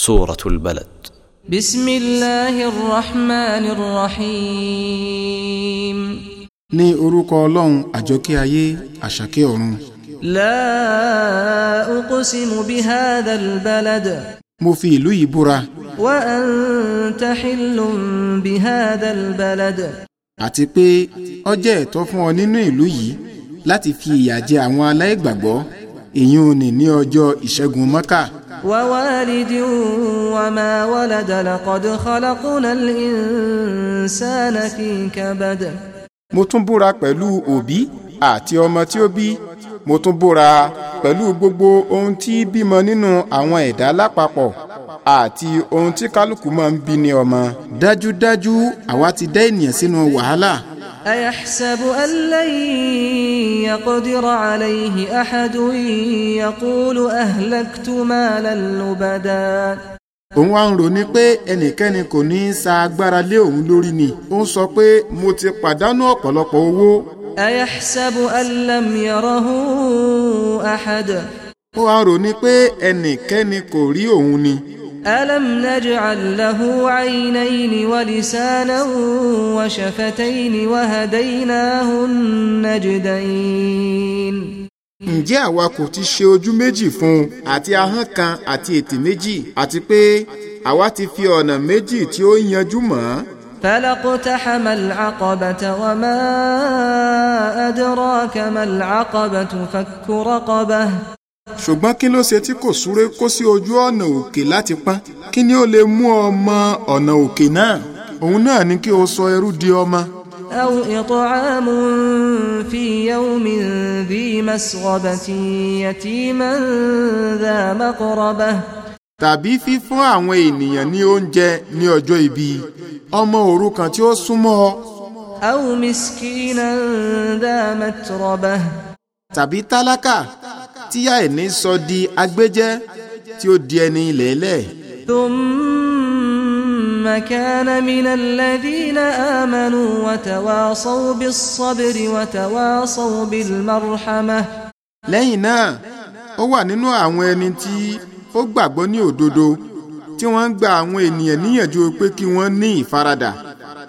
سورة البلد بسم الله الرحمن الرحيم ní orúkọ ọlọ́run àjọkẹ́ ayé àṣàkẹ́ ọ̀run. la uqsimu bihadha albalad. mo fi ìlú yìí búra. wa anta hillun bihadha albalad. àti pé ó jẹ́ ẹ̀tọ́ fún ọ nínú ìlú yìí láti fi ìyà jẹ àwọn aláìgbàgbọ́ èyí ò ní ní ọjọ́ ìṣẹ́gun mọ́kà. ووالد وما ولد لقد خلقنا الإنسان في كبد mo tún búra pẹ̀lú òbí àti ọmọ tí ó bí mo tún búra pẹ̀lú gbogbo ohun tí bímọ nínú àwọn ẹ̀dá lápapọ̀ àti ohun tí kálukú máa ń bí ní ọmọ. dájúdájú àwa ti dá ènìyàn sínú wàhálà. ayahsabu alayi. يقدر عليه أحد يقول أهلكت مالا لبدا òun wá ń ronú pé ẹnikẹ́ni kò ní í sa agbára lé òun lórí ni ó ń sọ pé mo ti pàdánù ọ̀pọ̀lọpọ̀ owó. ayahsabu alam yarahu ahad. ó wá ń ronú pé ẹnikẹ́ni kò rí òun ni ألم نجعل له عينين ولسانا وشفتين وهديناه النجدين ǹjẹ́ àwa kò ti ṣe ojú méjì fún àti ahọ́n kan àti ètè méjì àti pé àwa ti fi ọ̀nà méjì tí ó yanjú mọ́. فلقتحم العقبة وما أدراك ما العقبة فك رقبة ṣùgbọ́n kí ló ṣe tí kò súré kó sí ojú ọ̀nà òkè láti pán kí ni ó lè mú ọ ọ̀nà òkè náà òun náà ni kí o sọ ẹrú di ọmọ. أو إطعام في يوم ذي مسغبة يتيما ذا مقربة tàbí fífún àwọn ènìyàn ní oúnjẹ ní ọjọ́ ibi ọmọ òrukàn tí ó súnmọ́ ọ. أو مسكينا ذا متربة. tàbí tálákà tíyà ẹni sọ di agbẹ́jẹ́ tí ó di ẹni lẹ́lẹ̀. ثم كان من الذين آمنوا وتواصوا بالصبر وتواصوا بالمرحمة. lẹ́yìn náà ó wà nínú àwọn ẹni tí ó gbàgbọ́ ní òdodo tí wọ́n ń gba àwọn ènìyàn níyànjú pé kí wọ́n ní ìfaradà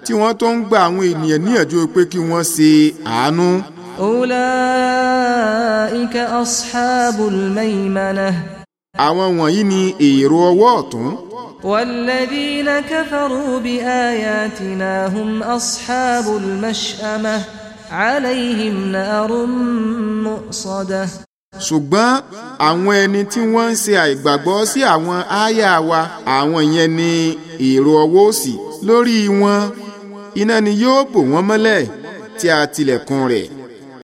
tí wọ́n tó ń gba àwọn ènìyàn níyànjú pé kí wọ́n ṣe àánú. أولئك ulaika ashabul maimana. àwọn wọ̀nyí ni èrò ọwọ́ ọ̀tún. والذين كفروا بآياتنا هم أصحاب المشأمة عليهم نار مؤصدة ṣùgbọ́n àwọn ẹni tí wọ́n ń ṣe àìgbàgbọ́ sí àwọn àyà wa àwọn yẹn ni èrò ọwọ́ òsì lórí wọn iná ni yóò bò wọ́n mọ́lẹ̀ tí a tilẹ̀kùn rẹ̀.